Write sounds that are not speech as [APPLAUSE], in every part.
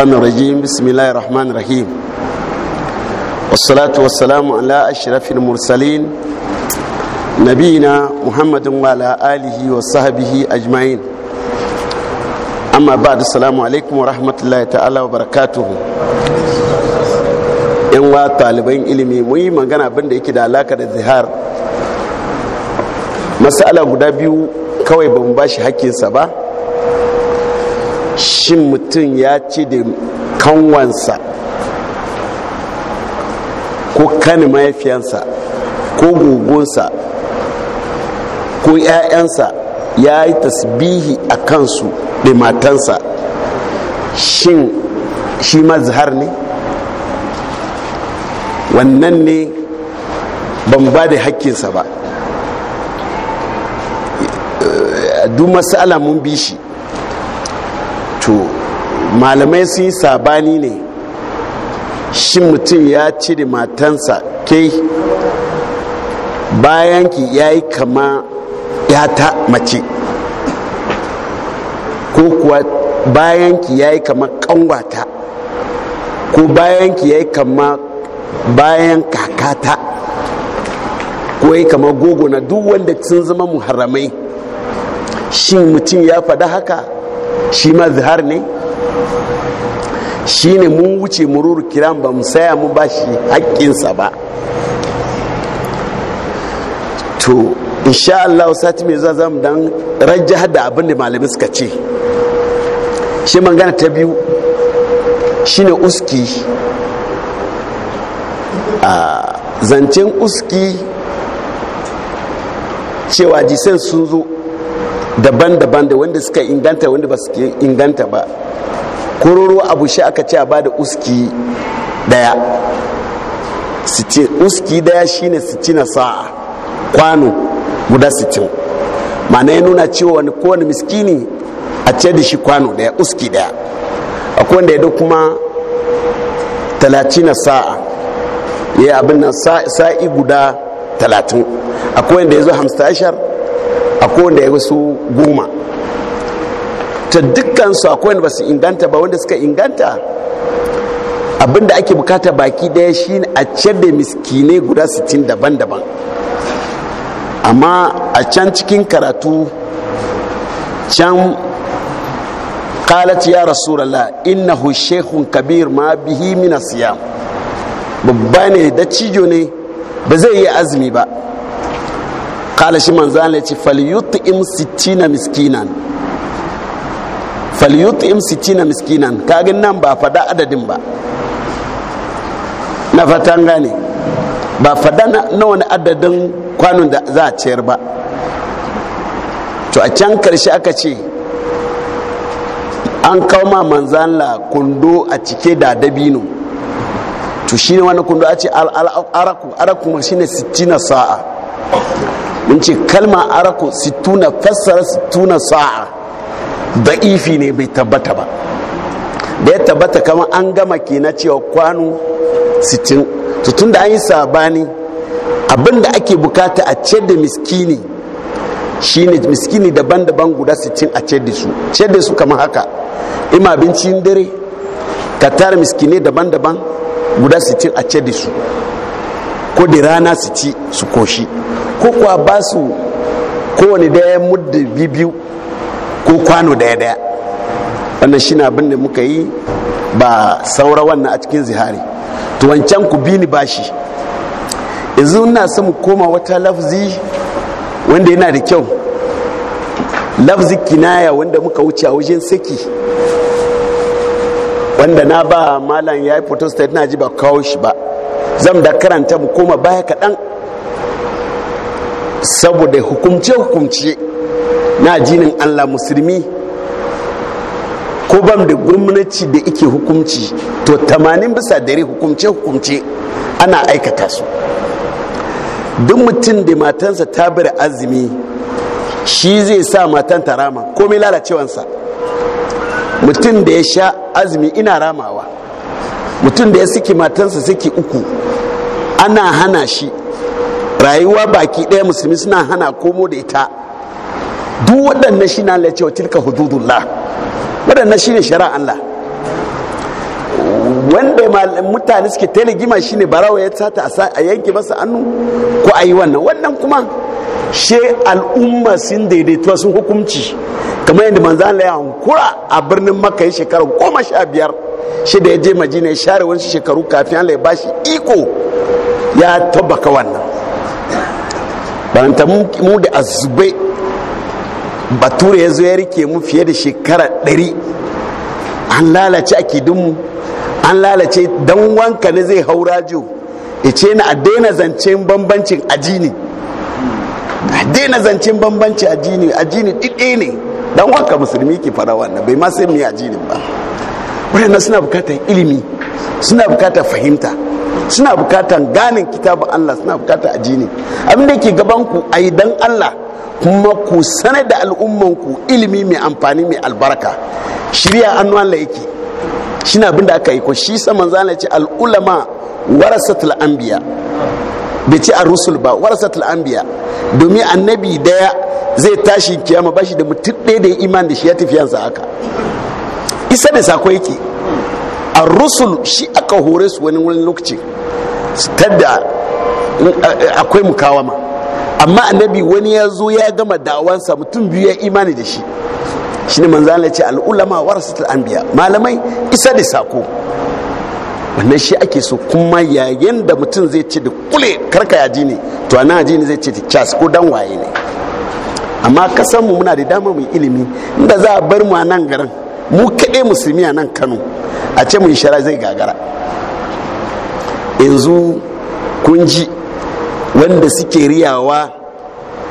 الرحمن الرجيم بسم الله الرحمن الرحيم والصلاة والسلام على أشرف المرسلين نبينا محمد وعلى آله وصحبه أجمعين أما بعد السلام عليكم ورحمة الله تعالى وبركاته إن طالبين إلمي مي مغانا بند إكدا علاقة الظهار مسألة غدا بيو كوي بمباشي حكي سبا shin mutum ya ci da kanwansa ko kani mahaifiyansa ko gogonsa ko 'ya'yansa ya yi tasbihi a kansu da matansa shin shi mazhar ne wannan ne ban ba da hakkinsa ba duk matsala mun bi shi to malamai sun yi sabani ne shi mutum ya cire matansa ke bayanki ya yi kama ya ta mace ko kuwa bayanki ya yi kama kangwata ko bayanki ya yi kama bayan kakata ko ya yi kama gogona duk wanda sun zama muharramai shin mutum ya faɗa haka shi ma zihar ne shi ne mun wuce mururu kiran ba mu saya mu ba shi haƙƙinsa ba to insha Allah sati mai za mu dan rajja da abin da malami suka ce shi gana ta biyu shine uski a zancen uski cewa jisai sun zo daban-daban da wanda suka inganta wanda ba su inganta ba kororo abu shi aka ce a ba da uski daya uski daya shine sitina sa'a kwano guda sitin ma'ana ya nuna cewa wani kowane miskini a ce da shi kwano daya uski daya akwai wanda ya kuma na sa'a ya yi abin nan sa'i guda talatin akwai wanda ya zo hamsta ashar akwai wanda ya su goma ta dukkan su akwai wanda ba su inganta ba wanda suka inganta abinda ake bukata baki daya shine a ciyar da miskine guda 60 daban-daban amma a can cikin karatu can قالت ya رسول innahu إنه شيخ ma ما به siya babba ne da cijo ne ba zai yi azumi ba kala shi manzo Allah ce falyut'im 60 miskinan falyut'im 60 miskinan kaga nan ba fada adadin ba na fatan gane ba fada na wani adadin kwanon da za a ciyar ba to a can karshe aka ce an kawo ma manzan la kundo a cike da dabino to shi ne wani kundo a ce araku araku shi ne sa'a mun ce kalma arako situna fassara situna sa'a da ifi ne bai tabbata ba da ya tabbata kama an gama ke na cewa kwano 60 tutun da an yi sabani abin da ake bukata a ce da miskini shine miskini daban-daban guda 60 a ce da su ce da su kama haka ima abincin dare ka tara miskini daban-daban guda 60 a ce da su ko da rana su ci su koshi ko kuwa ba su kowane daya muddin biyu ko kwano daya daya wannan na abin da muka yi ba saura wannan a cikin zihari to wancan ku bi ni bashi yanzu ina son mu koma wata lafzi wanda yana da kyau lafzi kinaya wanda muka wuce a wajen saki wanda na ba malam ya yi photostat na ji ba kawo shi ba zan da karanta mu koma baya kaɗan saboda hukumce-hukumce na jinin allah musulmi ko bam da gwamnati da ike hukumci to 80 bisa dare hukumce-hukumce ana aikata su duk mutum da matansa ta bari azumi shi zai sa matan ta rama komai lalacewansa mutum da ya sha azumi ina ramawa mutum da ya siki matansa siki uku ana hana shi rayuwa baki ɗaya musulmi suna hana komo da ita duk waɗannan shi na Allah cewa tilka hududullah waɗannan shi ne shari'a Allah wanda mutane suke ta rigima shine barawa ya sata a yanke masa hannu ko a yi wannan wannan kuma she al'umma sun daidaituwa sun hukumci kamar yadda manzan ya hankura a birnin makka ya shekaru goma sha biyar shi da ya je majina ya share wani shekaru kafin Allah ya bashi iko ya tabbaka wannan baranta mu da azube bature ya zo ya rike mu fiye da shekara ɗari an lalace a kidinmu an lalace dan wanka ne zai haura jo ya ce na a daina zancen bambancin aji a daina zancen bambancin aji ne aji ne dan wanka musulmi ke fara wannan bai ma sai mu yi ne ba waɗannan suna bukatar ilimi suna bukatar fahimta suna bukatan ganin kitabu Allah suna bukatan ajini abinda da ke gaban ku yi dan Allah kuma ku sanar da al'ummanku ilimi mai amfani mai albarka shirya an Allah yake shi na abinda aka yi ko shi sama manzo ce al'ulama warasatul anbiya bai ce a rusul ba warasatul anbiya domin annabi daya zai tashi kiyama bashi da mutum ɗaya da iman da shi ya tafiyansa haka isa da sako yake a rusul shi aka hore su wani wani lokaci tadda akwai mukawama amma annabi wani ya zo ya gama dawansa mutum biyu ya imani da shi shi ne manzana ce al'ulama warasatul anbiya malamai isa da sako wannan shi ake so kuma yayin da mutum zai ce da kule karka yaji ne to ana yaji ne zai ce da cas ko dan waye ne amma kasanmu muna da dama mai ilimi inda za a bar mu a nan garin mu kaɗai musulmi a nan kano a ce mu shara zai gagara yanzu kun ji wanda suke riyawa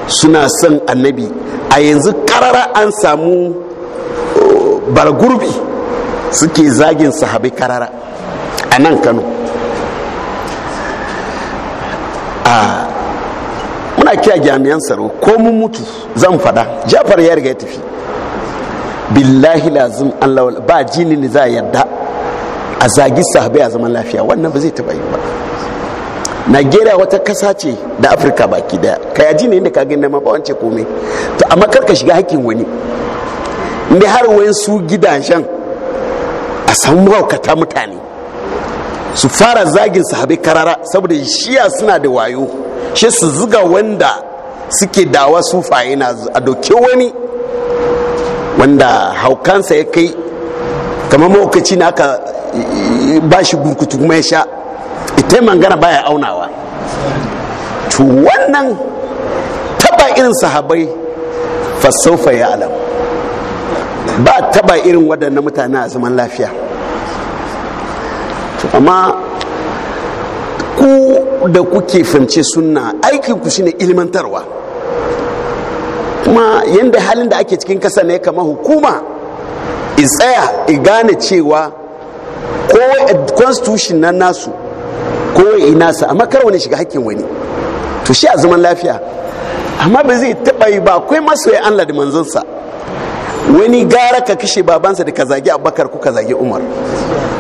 suna son annabi a yanzu karara an samu uh, bargurbi suke zagin sahabai karara a nan kano a muna kira jami'an tsaro ko mun mutu zan fada jafar ya riga ya tafi billahi lazim Allah ba jini ne za a yarda a zagi sahabai a zaman lafiya wannan ba zai taba yi ba nigeria wata kasa ce da afirka baki daya ka yaji ne inda ka gani na ba wance komai to amma kar ka shiga hakkin wani inda har wayan su gidajen a samu raukata mutane su fara zagin sahabai karara saboda shiya suna da wayo shi su zuga wanda suke dawa sufaye na a doke wani wanda haukansa ya kai kamar mawukaci na aka ba shi burkutu kuma ya sha ita mangana baya aunawa to wannan taba irin sahabai fasofa ya alam ba taba irin waɗannan mutane a zaman lafiya amma ku da kuke fance suna aikinku shine ilmantarwa kuma yadda halin da ake cikin kasa ne kamar hukuma tsaya gane cewa ko constitution na nasu in inasa amma kar wani shiga hakkin wani to shi a zaman lafiya amma ba zai taɓa yi ba akwai ya Allah da manzansa wani gara ka kashe babansa da ka zagi abubakar ko ka zagi umar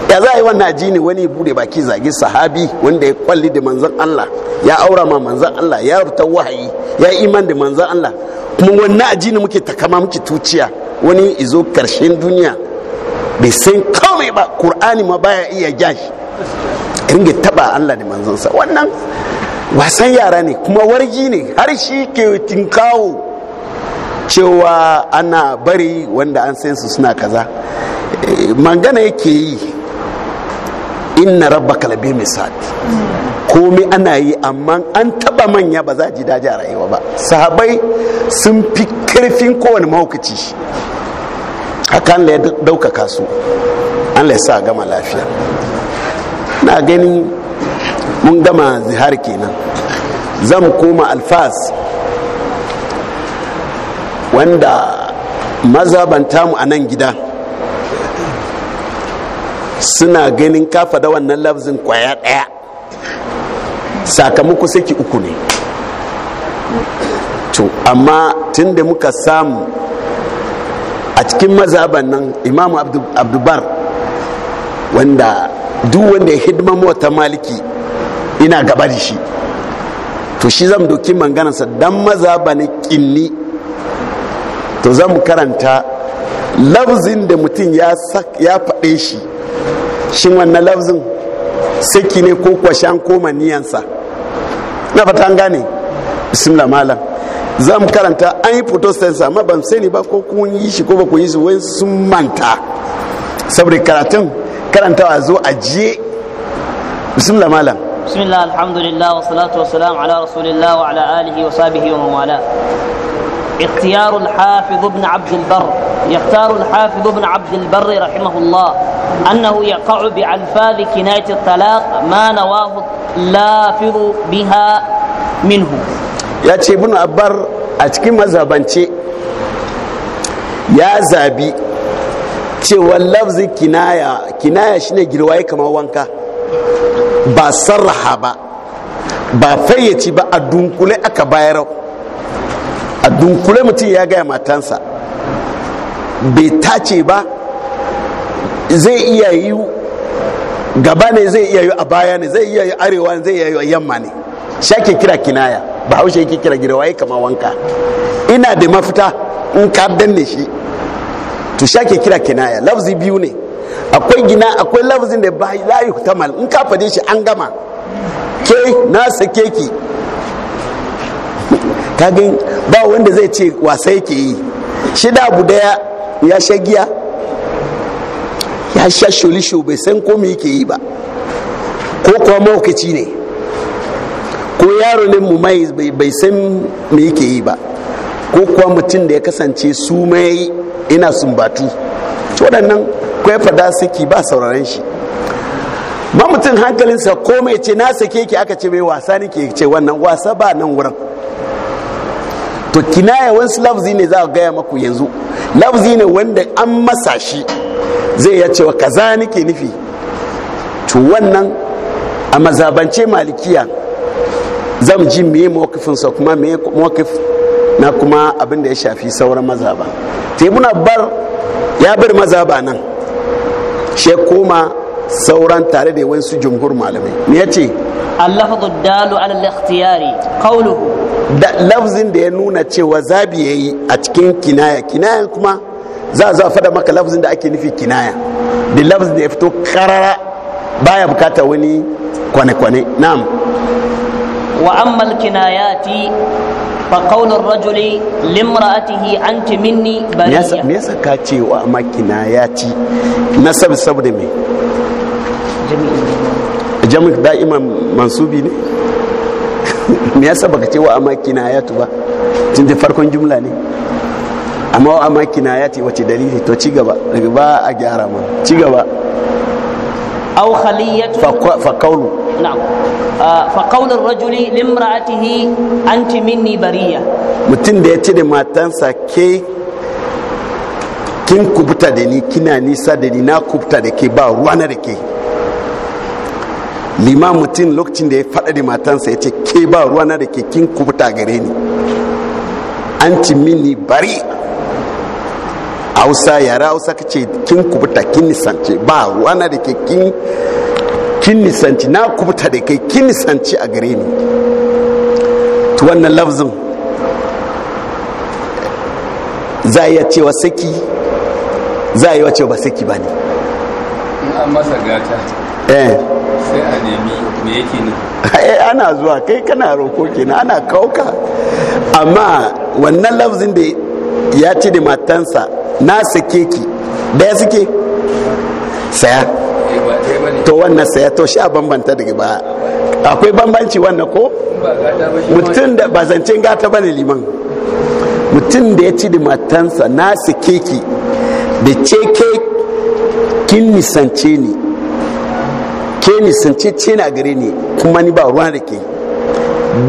ya za a yi wannan ji ne wani bude baki zagi sahabi wanda ya kwalli da manzan Allah ya aura ma manzan Allah ya rubuta wahayi ya iman da manzan Allah kuma wani ajini muke takama muke tuciya wani izo karshen duniya bai san kawai ba kur'ani ma baya iya jashi ringa taba allah da manzansa wannan wasan yara ne kuma wargi ne har shi ke tinkawo cewa ana bari wanda an san su suna kaza eh, mangana yake yi inna Rabba rabbaka mai misad komai ana yi amma an taba manya ba za ji daji a rayuwa ba sahabai sun fi karfin kowane mahaukaci haka an ya daukaka su an ya sa gama lafiya na ganin mun gama zihar kenan zan koma alfas wanda mazabanta mu a nan gida suna ganin kafa da wannan lafzin kwaya ɗaya sakamako saki uku ne to amma tun da muka samu a cikin mazaban nan imamu abdubar wanda duk wanda ya hidima mota maliki ina gaba da shi to shi zan doki manganansa don mazaba ne kinni to zan karanta lafzin da mutum ya faɗe shi shin wannan lafzin saki ne ko kwashan ko maniyansa na fata an gane bismillah malam mu karanta an yi protestants amma ban sani ba ko kun yi shi ko ba kun yi shi wai sun manta saboda karatun karantawa zo a jiye bismillah malam bismillah alhamdulillah wa salatu wa salam ala rasulillah wa ala alihi wa sahbihi wa mawala wala اختيار الحافظ ابن عبد البر يختار الحافظ ابن عبد البر رحمه الله أنه يقع بألفاظ كناية الطلاق ما نواه اللافظ بها منه ya ce ibn أتكي a cikin mazabance ya zabi cewa lafzi kinaya kinaya shine girwaye kamar wanka ba sarraha ba ba fayyaci ba a dunkule aka bayar a dunkule mutum ya gaya matansa bai tace ba zai iya yi gaba ne zai iya yi a baya ne zai iya yi arewa ne zai iya yi a yamma ne shake kira kinaya ba haushe yake kira gida waye kama wanka ina da mafita in ka danne shi to shake kira kinaya lafzi biyu ne akwai gina akwai lafzin da ba la yuhtamal in ka fade shi an gama ke na sake ki kagin ba wanda zai ce wasa yake yi shida abu daya ya sha giya ya sha sholisho bai san ko yake yi ba ko kuma mawukaci ne ko yaro ne mu mai bai san me yake yi ba ko kuwa mutum da ya kasance su mai ina sumbatu waɗannan kwai fada saki ba sauraren shi ma mutum hankalinsa komai ce na sake ki aka ce mai wasa ke ce wannan wasa ba nan wurin to kinaya wasu lafzi ne za a gaya maku yanzu lafzi ne wanda an masa shi zai ya cewa kaza nake nufi to wannan a mazabance malikiya zan ji meye sa kuma me mawakif na kuma abin da ya shafi sauran mazaba taimuna bar ya bar mazaba nan shi koma sauran tare da wasu jumhur malamai me yace اللفظ الدال al الاختيار قوله da lafzin da ya nuna cewa zabi ya yi a cikin kinaya kinaya kuma za a zo fada maka lafzin da ake nufi kinaya da lafzin da ya fito karara baya bukata wani kwane-kwane na'am wa ammal kinayati fa qawlur rajuli limra'atihi anti minni bariya me yasa ka ce wa amma kinayati na saboda me jami'i jami'i da imam mansubi ne me yasa baka ce wa amaki na tuba? ba tun da farkon jumla ne amma wa amaki na ayati wace dalili to ci gaba daga ba a gyara ma ci gaba aw khaliyat fa qawlu na'am ah, fa qawlu ar-rajuli limra'atihi anti minni bariya mutun da ya ce da matansa ke kin kubuta da ni kina nisa da ni na kubuta da ke ba ruwa na da ke liman mutum lokacin da ya faɗa da matansa ya ce ke ba na da ke kin kubuta gare ni an ci mini bari hausa yara hausa ka ce kin kubuta kin nisanci ba ruwa na da ke kin nisanci na kubuta da kai kin nisanci a gare ni to wannan lafzin za a iya cewa saki za a yi wa cewa ba saki ba ne in an masa gata eh sai a nemi me yake ne [LAUGHS] eh, ana zuwa kai kana roko kenan ana kauka amma wannan lafzin da ya ci da matansa na sake ki daya suke saya eh, to wannan saya to sha bambanta daga ba akwai bambanci wannan ko mutum da ba zancen gata bane liman mutum da ya ci da matansa na sake ki da ce ke kin nisance ni ke ni sun ce ce na gare ni kuma ni ba ruwan da ke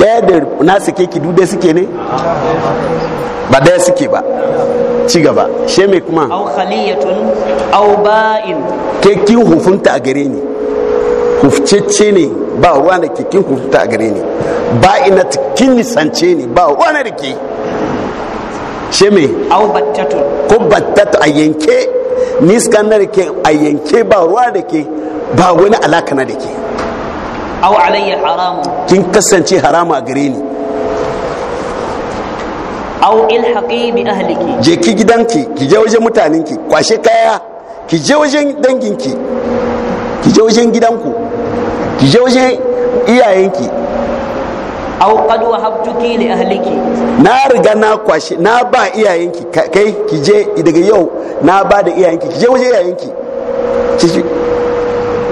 daya da na sake ki duk suke ne ba daya suke ba ci gaba she mai kuma au khaliyatun au ba'in ke kin hufunta a gare ni hufcece ne ba ruwa da ke kin hufunta a gare ni ba'ina kin nisance ne ba ruwan da ke she mai au battatun ko battatu a yanke ni iskandar ke a yanke ba ruwa da ke ba wani alaka na da ke aw alayya haramu kin kasance haramu a gare ni aw ilhaqi bi ahliki je ki gidanki ki je wajen mutanenki kwashe kaya ki je wajen danginki ki je wajen gidanku ki je wajen iyayenki aw qad wahabtuki li ahliki na riga na kwashe na ba iyayenki kai ki je daga yau na ba da iyayenki ki je wajen iyayenki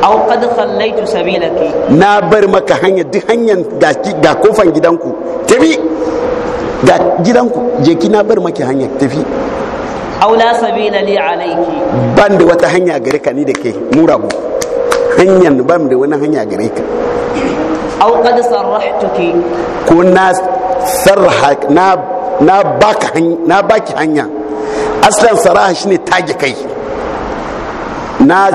aw qad khallaitu sabilaki na bar maka hanya duk hanyar ga ga kofan gidanku tafi ga gidanku je ki na bar maki hanya tafi aw la sabila li alayki ban da wata hanya gare ka ni da ke murabu hanyar ban da wani hanya gare ka aw qad sarahtuki ko na sarha na na baka na baki hanya aslan saraha shine tage kai na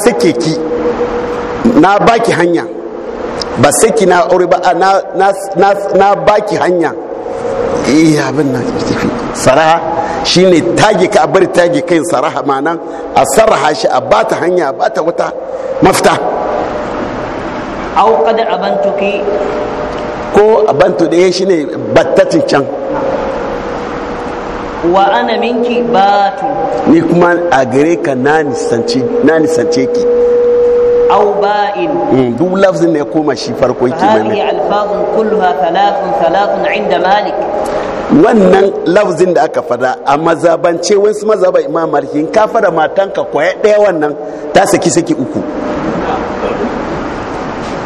sike ki na baki hanya ba sike na aure ba na baki hanya iya eh, abin na tafi saraha shine tage ka bar tage kai saraha ma'ana a sarraha shi a bata hanya a bata wata mafita au kada ki ko abantu da ya shine battatin can wa ana minki batu ni kuma a gare ka na nisance ki aw ba'in mm, duk lafzin ne koma shi farko yake mai hadhihi alfazun kulluha thalathun thalathun inda malik wannan lafzin da aka fada a mazabance wasu mazaba imamar hin k'a ka fada matanka kwaya daya wannan ta saki saki uku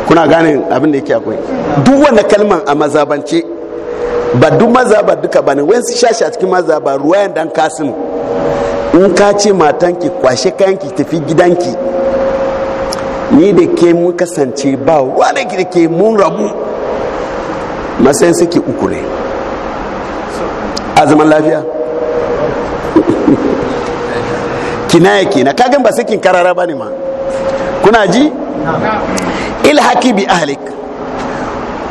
kuna gane abin da yake akwai duk wannan kalman a mazabance ba duk ba duka ba ne wani shashi a cikin ba ruwayan dan kasim in ka ce matanki kwashe kayanki tafi gidanki ni da ke mun kasance ba ruwa da ke da ke mun rabu matsayin suke uku ne a zaman lafiya [LAUGHS] kinaya kenan kagan ba sakin karara ba ne ma kuna ji ilhaki bi ahalik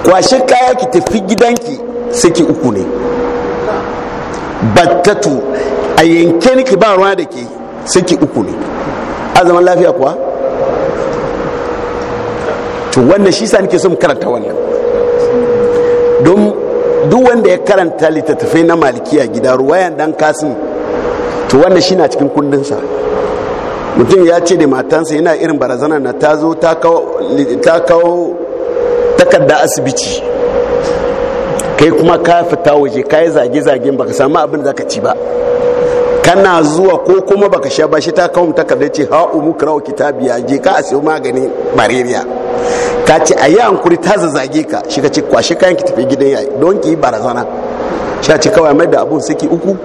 kwashe kaya ki tafi gidanki suke uku ne battatu a yanke niki ba ruwa da ke suke uku ne a zaman lafiya kuwa to wannan shi sa nake son karanta wannan don duk wanda ya karanta littattafai na malikiya gida ruwayan dan kasin, to wannan shi na cikin kundinsa mutum ya ce da matansa yana irin barazana na ta zo ta kawo takarda asibiti kai kuma ka fita waje ka yi zage-zagen baka samu abin da ka ci ba kana zuwa ko kuma baka sha ba shi ta kawo takarda ce ha umu kitabi kitabiya je ka a sayo maganin malaria ka ce a yi hankuri ta zazage ka shi ka ce kwashe kayan ki tafi gidan yayi don ki yi barazana shi ce kawai mai da abun saki uku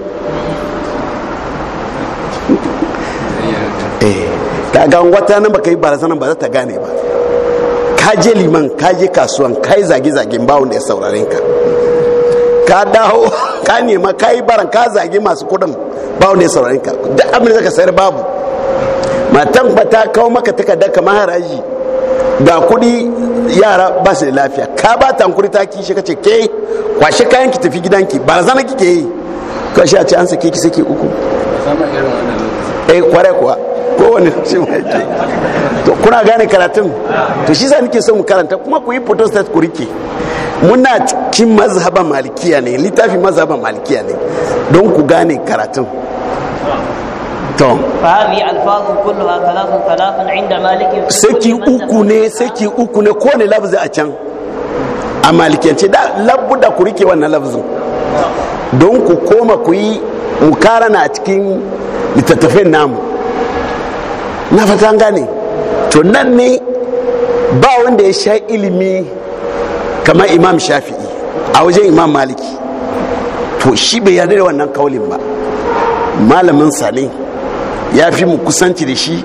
[LAUGHS] eh ta ga wata nan baka yi barazana ba za ta gane ba ka je liman ka je kasuwan ka yi zage-zagen bawon da ya sauraren ka ka dawo ka nema ka yi baran ka zagi masu kudin ba ne ya ka duk abin da ka sayar babu matan ba ta kawo maka da kama haraji da kudi yara ba su da lafiya ka ba ta kuri ta kishi ka ce ke kwashe kayan ki tafi gidanki ba zana kike yi ka shi a ce an sake ki sake uku eh kware kuwa kowane shi to kuna gane karatun to shi sa nake son karanta kuma ku yi photostat ku rike muna cikin mazhaban malikiya ne littafin mazhaban malikiya ne don ku gane karatun to saki uku ne saki uku ne ko ne lafzi a can a malikiyance da da ku rike wannan lafzin don ku koma ku yi mukara a cikin littattafin namu na fata gane to nan ne ba wanda ya sha ilimi kamar imam shafi'i a wajen imam maliki to shi bai yarda da wannan kaulin ba malamin sa ya fi mu kusanci da shi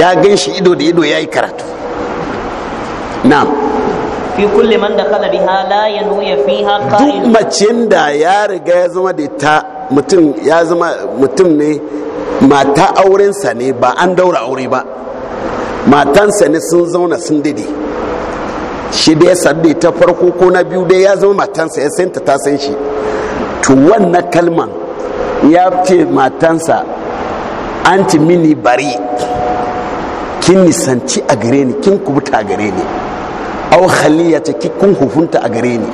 ya gan shi ido da ido ya yi karatu na fi kulle man da biha la ya fi duk macin da ya riga ya zama da ta mutum ya zama mutum ne mata aurensa ne ba an daura aure ba matansa ne sun zauna sun dade shi da ya sande ta farko ko na biyu dai ya zama matansa ya santa ta san shi to wannan kalman ya ce matansa anti mini bari kin nisanci a gare ni kin kubuta a gare ni au khaliya ta kin hufunta a gare ni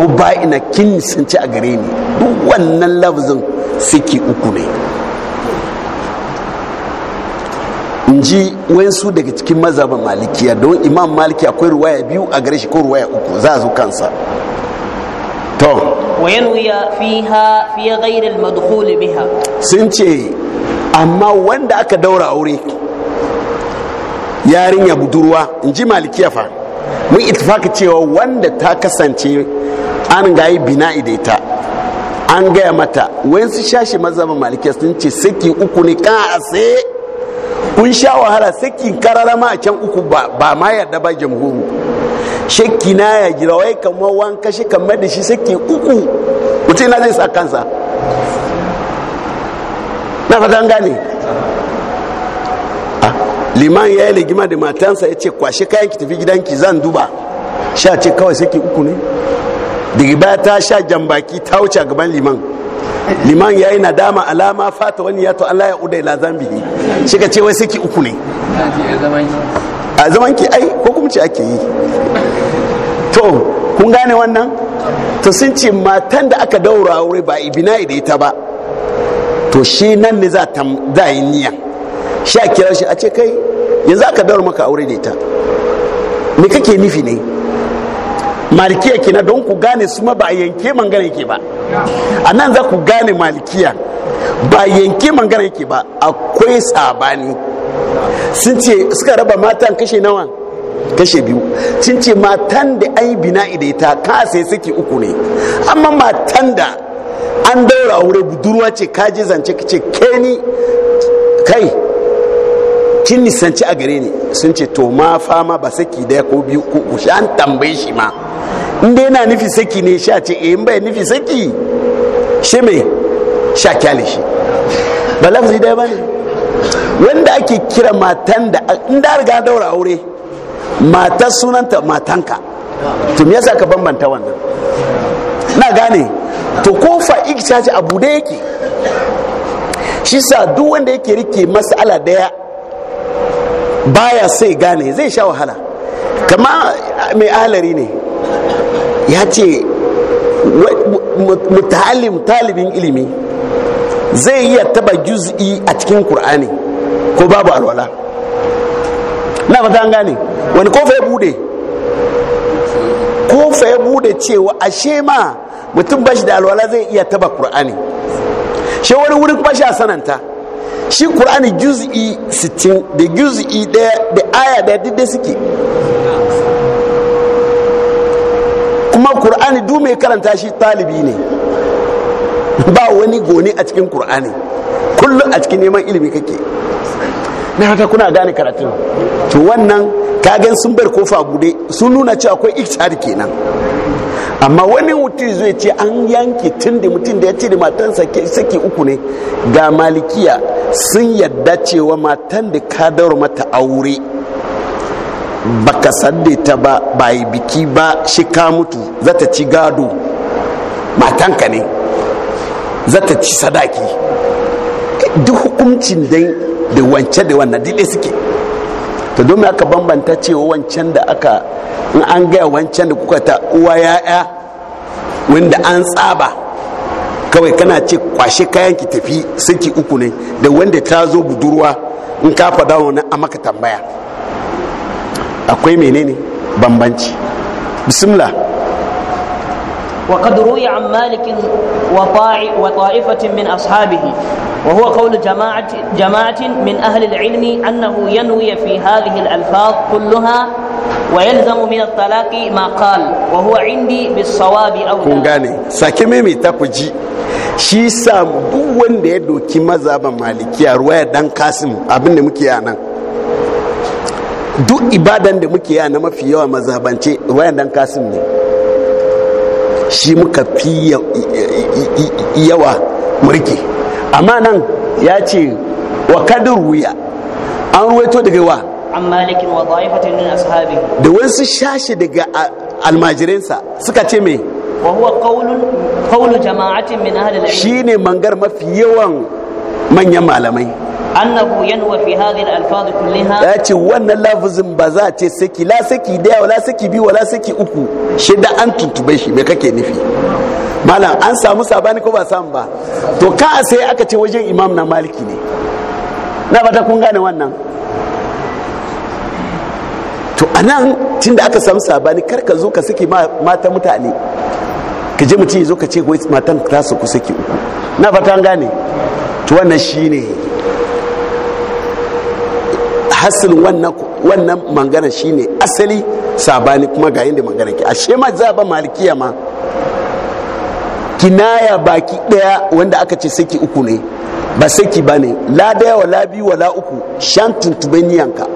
au ba'ina kin nisanci a gare ni duk wannan lafzin siki uku ne in ji wayansu daga cikin mazhaban malikiya don imam maliki akwai ruwaya biyu a gare shi ko ruwaya uku za a zo kansa to وينوي فيها في غير المدخول sun ce amma wanda aka daura aure yarinya budurwa in ji malikiya fa mun ittifaka cewa wanda ta kasance an gayi bina'i da ita an gaya mata wayansu shashi mazhaban malikiya sun ce saki uku ne kan a tsaye kun sha wahala sakin karara ma a can uku ba ma yarda ba jamhuru shakki na ya gira wai kamar wan kashi kamar da shi saki uku mutum na zai sa kansa na fatan gane ah, liman ya yi ligima da matansa ya ce kwashe kayan ki tafi gidanki zan duba sha ce kawai saki uku ne daga baya ta sha jambaki ta wuce gaban liman liman ya yi nadama alama fata wani ya to Allah ya uda ila zambihi shi ka ce wai saki uku ne a zaman ki ai ko kuma ce ake yi to kun gane wannan to sun ce matan da aka daura aure ba ibina da ita ba to shi nan ne za a yi niyan shi a kira shi a ce kai yanzu aka daura maka aure da ita me kake nufi ne malikiya kina don ku gane su ma ba yanke mangana yake ba a nan za ku gane malikiya ba yanke mangana yake ba akwai sabani sun ce suka raba matan kashe nawa kashe biyu sun ce matan da an yi bina idaita ka sai suke uku ne amma matan da an daura wuri budurwa ce kaji zance ce keni kai kin nisanci a gare ni sun ce to ma fama ba saki daya ko biyu ko uku an tambaye shi ma inda yana nufi saki ne sha ce eh in bai nufi saki shi mai sha kyale shi ba lafi dai ne wanda ake kira matan da inda riga daura aure matar sunanta matanka to me yasa ka bambanta wannan na gane to ko fa'ik ta ce abu da yake shi sa duk wanda yake rike mas'ala daya baya sai gane zai sha wahala kama mai alari ne ya ce mutalim talibin ilimi zai iya taba juz'i a cikin kur'ani ko babu alwala na fata an gane wani kofa ya bude kofa ya bude cewa ashe ma mutum bashi da alwala zai iya taba kur'ani shi wani wurin bashi a sananta shi kur'ani juz'i 60 da juz'i da aya daya duk suke kuma ƙur'ani duk mai karanta shi talibi ne ba wani goni a cikin ƙur'ani kullum a cikin neman ilimi kake na hata kuna gane karatun to wannan kagan sun bar kofa bude sun nuna cewa akwai iktar kenan amma wani mutum zai ce an yanke tun da mutum da ya ce da matansa saki uku ne ga malikiya sun yadda cewa matan da ka daura mata aure baka sande ta ba ba yi biki ba shi ka mutu zata ci gado matanka ne zata ci sadaki duk hukuncin dai da wance da wannan dile suke to domin aka bambanta cewa wancan da aka in an gaya wancan da kuka ta uwa ya'ya wanda an tsaba kawai kana ce kwashe kayan ki tafi saki uku ne da wanda ta zo budurwa in ka faɗa wani a maka tambaya akwai menene bambanci bismillah wa kadru ya amalikin wa fa'i wa min ashabihi wa huwa qawlu jama'atin min ahli al-ilmi annahu yanwi fi hadhihi al-alfaz kulluha wa yalzamu min at-talaqi ma qala wa huwa indi bis-sawabi aw kungane sake meme ta kuji shi sam duk wanda ya doki mazhaban malikiya ruwaya dan kasim abinda muke yana nan duk ibadan da muke yana na mafi yawa mazabance wayan dan kasim ne shi muka fi yawa murki amma nan ya ce wa kadin ruya an ruwaito daga wa an malikin wa zaifatin min ashabi da wasu shashi daga almajirinsa suka ce me wa huwa qawlun qaulu jama'atin min ahli al-ilm shine mangar mafi yawan manyan malamai annahu yanwa fi hadhihi al-alfaz kullaha ya ce wannan lafazin ba za a ce saki la saki daya wala saki biyu wala saki uku shi da an tuntube shi me kake nufi malam an samu sabani ko ba samu ba to ka a sai aka ce wajen imam na maliki ne na bata kun gane wannan to anan tun da aka samu sabani kar ka zo ka saki mata mutane ka je mutum ya zo ka ce matan ta su ku saki uku na fata gane to wannan shi ne. hasil wannan mangana shine asali sabani kuma ga yadda mangana ke ashe shema za ba malikiya ma kinaya baki ɗaya wanda aka ce saki uku ne ba saki ba ne la daya wa la biyu wa la uku shan tuntube niyanka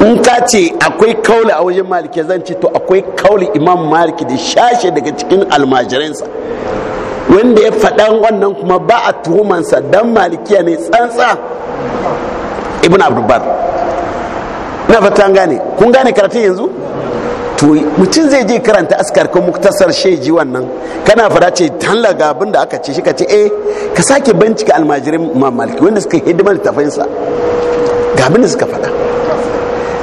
in ka ce akwai kauli a wajen maliki zan ce to akwai kauli imam maliki da shashe daga cikin almajiransa wanda ya faɗan wannan kuma ba a tuhumansa dan malikiya ne tsantsa ibn abdulbar na fata gane kun gane karatun yanzu to mutum zai je karanta askar kan muktasar sheji wannan kana fara ce talla ga abin da aka ce shi ka ce eh ka sake bincika almajirin mamaliki wanda suka hidimar tafinsa ga abin da suka faɗa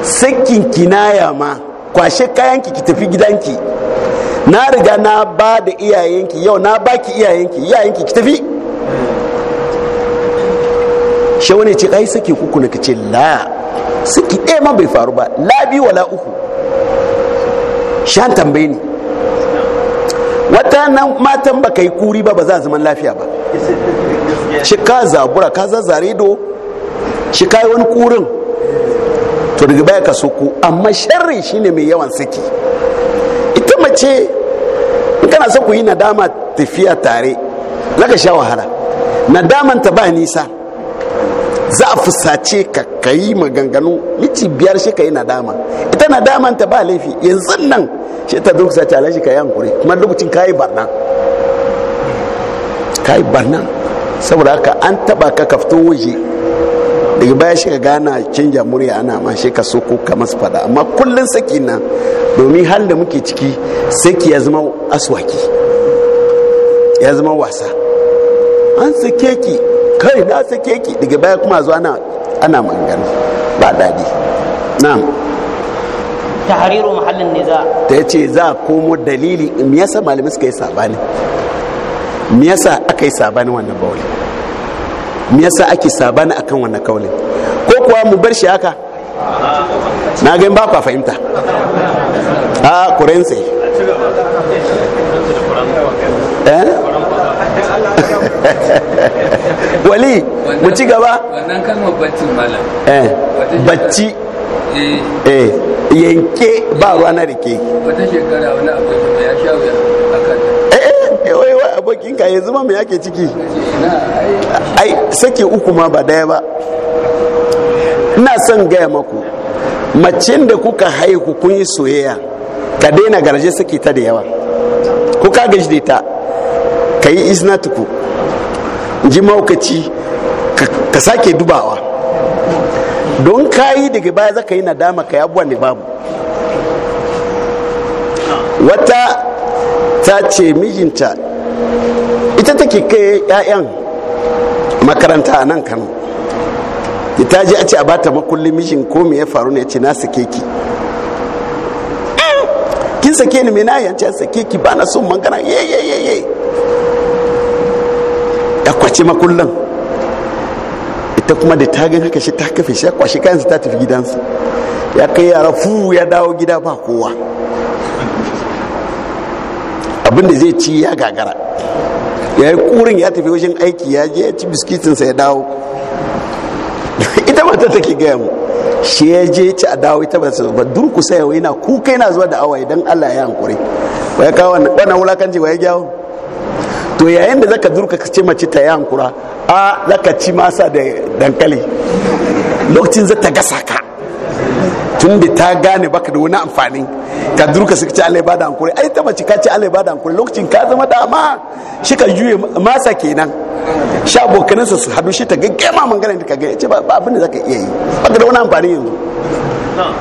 sakin kinaya ma kwashe kayanki ki tafi gidanki na riga na ba da iyayenki yau na baki iyayenki iyayenki ki tafi shi wani ce ai saki kuku na kace la saki ɗaya ma bai faru ba la biyu wala uku shan tambaye ni wata nan matan ba ka yi kuri ba ba za a zaman lafiya ba shi ka zabura ka zazzare do shi ka yi wani kurin to daga baya ka soko amma sharri shine mai yawan saki ita mace in kana so ku yi nadama tafiya tare zaka sha wahala nadaman ta ba nisa za a fusace ka kayi maganganu miti biyar shi ka yi nadama ita nadaman ta ba laifi yanzu nan shi ta zo fusace ala shi ka yi hankuri kuma lokacin ka yi barna ka yi barna saboda haka an taba ka kafto waje daga baya shi ka gana canja murya ana ma shi ka soko ka masu fada amma kullum saki na domin hal da muke ciki saki ya zama aswaki ya zama wasa an sake ki kai na sake ki daga baya kuma zuwa ana ana maganganu ba daɗi ta hariru mahallin niza ta yace za a komo dalili me yasa malamai suka yi sabani me yasa aka yi sabani wannan bauli me yasa ake sabani akan wannan kaulin ko kuwa mu bar shi haka na ga ba ku fahimta a kurense eh [LAUGHS] wali mu ci gaba wannan kalmar bacci malam eh bacci eh. eh yanke ba ruwa na rike wata shekara wani abokin ya sha wuya akan eh, eh, wai wai abokin ka yanzu ma me yake ciki ai sake uku ma ba daya ba ina son gaya maku macen da kuka haihu kun yi soyayya ka daina garaje sake ta da yawa kuka gaji da ita ka yi isna tuku ji maukaci ka sake dubawa don kayi daga baya zaka yi nadama ka abubuwan da babu wata ta ce mijinta ita take kai 'ya'yan makaranta a nan kano ta ji a ce a bata makullin mijin ko me ya faru ne ya ce na sake ki ah, kin sake ni me na a sake ki ba na son mangana ye ya kwace makullan ita kuma da ta gan haka shi ta kafe shi ya kwashi kayansa ta tafi gidansa ya kai yara fu ya dawo gida ba kowa abinda zai ci ya gagara ya yi kurin ya tafi wajen aiki ya je ya ci biskitinsa ya dawo [LAUGHS] ita mata take gaya mu shi ya je ci a dawo ita ba su ba durkusa yau yana kuka yana zuwa da awa idan allah ya hankuri ba kawo wannan wulakanci ba ya gyawo to yayin da zaka zurka ka ce mace ta yankura a zaka ci masa da dankali lokacin za ta gasa ka tun da ta gane baka da wani amfani ka zurka suka ci alai bada hankuri ai ta mace ka ci alai bada hankuri lokacin ka zama dama shi ka juye masa kenan sha abokanansa su hadu shi ta ma mangana da ka ga ce ba abin da zaka iya yi baka da wani amfani yanzu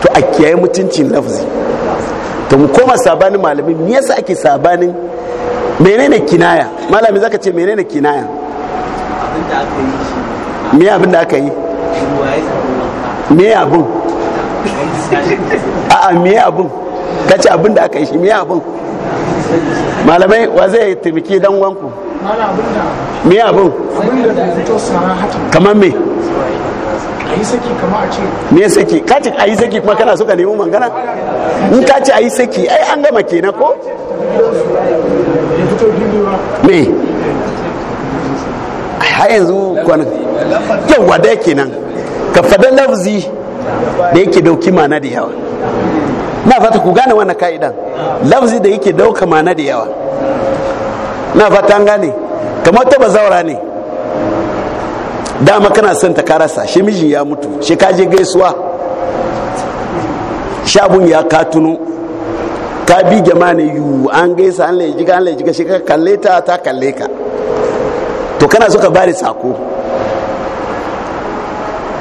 to a kiyaye mutuncin lafzi to mu koma sabanin malamin me yasa ake sabanin menene kinaya malami zaka ce menene kinaya me abin da aka yi me abin a'a me abin ka ce abin da aka yi shi me abin malamai wa zai taimaki dan wanku me abin kamar me a yi saki kama a me saki ka ce a yi saki kuma kana so ka nemi mangana in ka ce a yi saki ai an gama kenan ko me har yanzu kwanan yawa da yake nan ka fada lafzi da yake dauki mana da yawa na fata ku gane wannan ka'idan lafzi da yake dauka mana da yawa na fata an gane kamar ta bazaura ne dama kana son ta karasa shi mijin ya mutu shi kaje gaisuwa shabun ya katunu ta bi jama'a ne yu an gaisa an laiji ga an laiji ga shi kalle ta ta kalle ka to kana so ka bari sako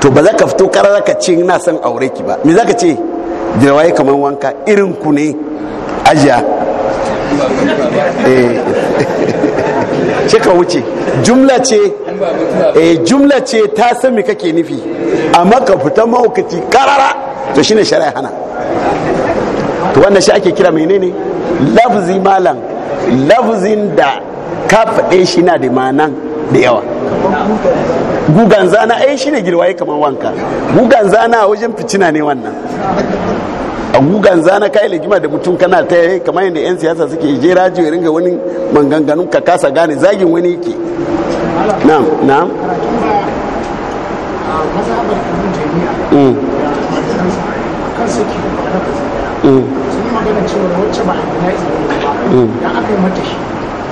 to ba za ka fito karar ka ce na san aure ki ba me za ka ce jirawaye kamar wanka irin ku ne ajiya eh. shekara [LAUGHS] wuce jumla ce eh, jumla ce ta san me kake nufi amma ka fita mahaukaci karara to shine shari'a hana to wannan shi ake kira menene lafzi malam lafzin da ka faɗe shi na da manan da yawa gugan zana ai eh, shi ne girwaye kamar wanka gugan zana wajen ficina ne wannan a gugan zana kai legima da mutum kana ta yi eh, kamar yadda 'yan siyasa suke je rajiyo ya ringa wani manganganun ka kasa gane zagin wani yake na'am na'am mm. Eh. sun yi magana cewa wacce ba a yi ba eh. idan aka yi mata shi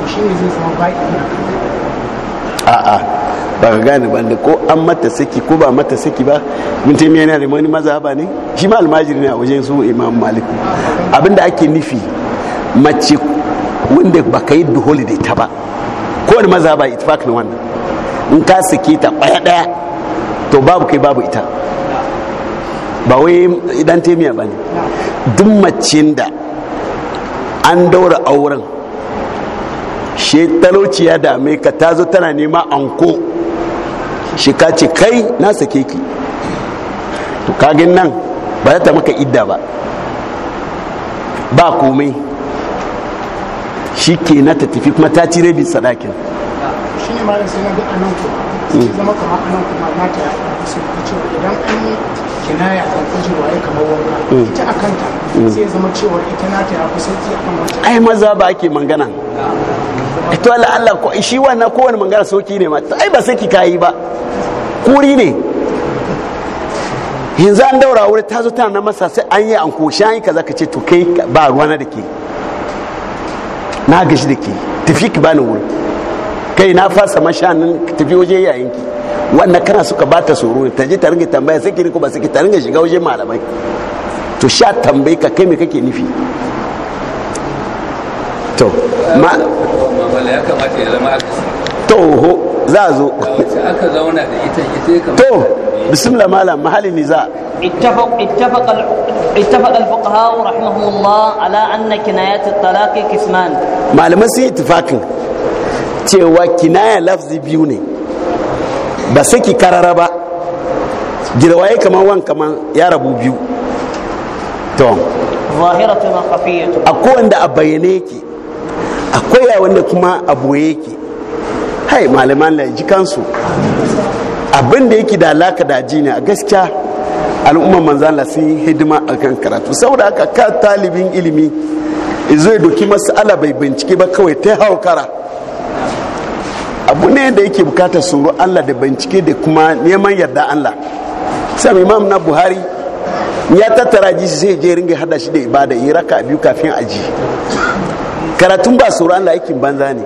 shi ne zai zama baki na a'a ba ka gane ba da ko an mata saki ko ba mata saki ba mun taimiyya yana da wani mazhaba ne shi ma almajiri ne a wajen su imam malik abinda ake nufi mace wanda ba ka yi da holiday ta ba kowane mazhaba ittifaq ne wannan in ka saki ta ɗaya ɗaya to babu kai babu ita ba wai idan taimiyya ba ne duk macin da an daura auren she taloci ya dame ka ta zo tana nema anko shi ka ce kai na sake ki to kagin nan ba za ta maka idda ba ba komai shi ke na ta tafi kuma ta cire bi sadakin Mm. zama kamar anan kuma na ta sai ta cewa idan an yi kinaya kan kujewa ya kamar wanka mm. ita a kanta mm. sai zama cewa ita na ta ya fi sauki akan wata ai maza ba ake mangana ita to Allah shi wannan kowane mangana sauki ne ma ai ba sai ki kayi ba kuri ne yanzu an daura wuri ta zo tana na masa sai an yi an koshi an yi kaza ka ce to kai ba ruwa na da ke na gashi da ke tafi ki bani wuri kai na fasa mashanin tafi waje yayin ki wannan kana suka ba ta tsoro ta je ta ringa tambaya sai ki riko ba sai ta ringa shiga waje malamai to sha tambayi ka kai me kake nufi to ma ya kamata ya zama to ho za zo aka zauna da ita ita to bismillah malam mahalli ne za اتفق اتفق اتفق الفقهاء رحمهم الله على ان كنايات الطلاق قسمان معلومه سي اتفاقين cewa kinaya lafzi biyu ne ba ki karara ba girwaye kamar wan kamar ya rabu biyu to akwai wanda a bayyane yake akwai wanda kuma a boye yake hai malaman laji kansu abin da yake da alaka da ne a gaskiya al'umman manzan la sun hidima a kan karatu saboda haka ka talibin ilimi zai doki masu ala bai bincike ba kawai ta hau kara. abu ne da yake bukatar tsoro allah da bincike da kuma neman yarda allah sam imam na buhari ya tattara ji sai je ringa hada shi da ibada yi raka biyu kafin aji karatun ba tsoro allah yake banza ne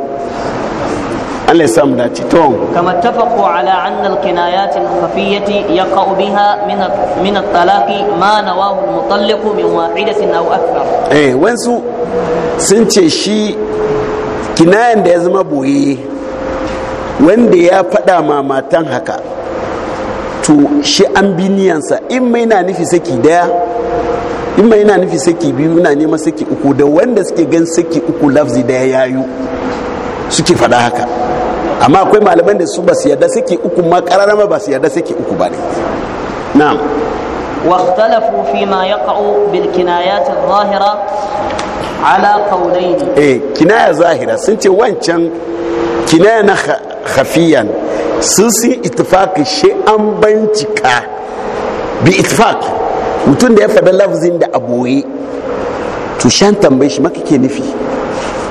Allah ya samu dace to kama tafaqu ala anna al-kinayat al-khafiyyah yaqa'u biha min min at-talaqi ma nawahu al-mutalliq min wa'idatin aw akthar eh wansu sun ce shi kinayan da ya zama boye wanda ya faɗa ma matan haka to shi an bi niyansa in mai na nufi saki daya in mai na nufi saki biyu na neman saki uku da wanda suke gan saki uku lafzi daya yayu suke faɗa haka amma akwai malaman da su ba su yarda saki uku ma kararama ba su yarda saki uku ba ne na'am واختلفوا فيما يقع بالكنايات الظاهرة على قولين eh kinaya zahira sun ce wancan kinaya na khafiyan sun yi itifaki shi an bancika bi itifaki mutum da ya faɗa lafazin da aboye to shan tambayi shi maka ke nufi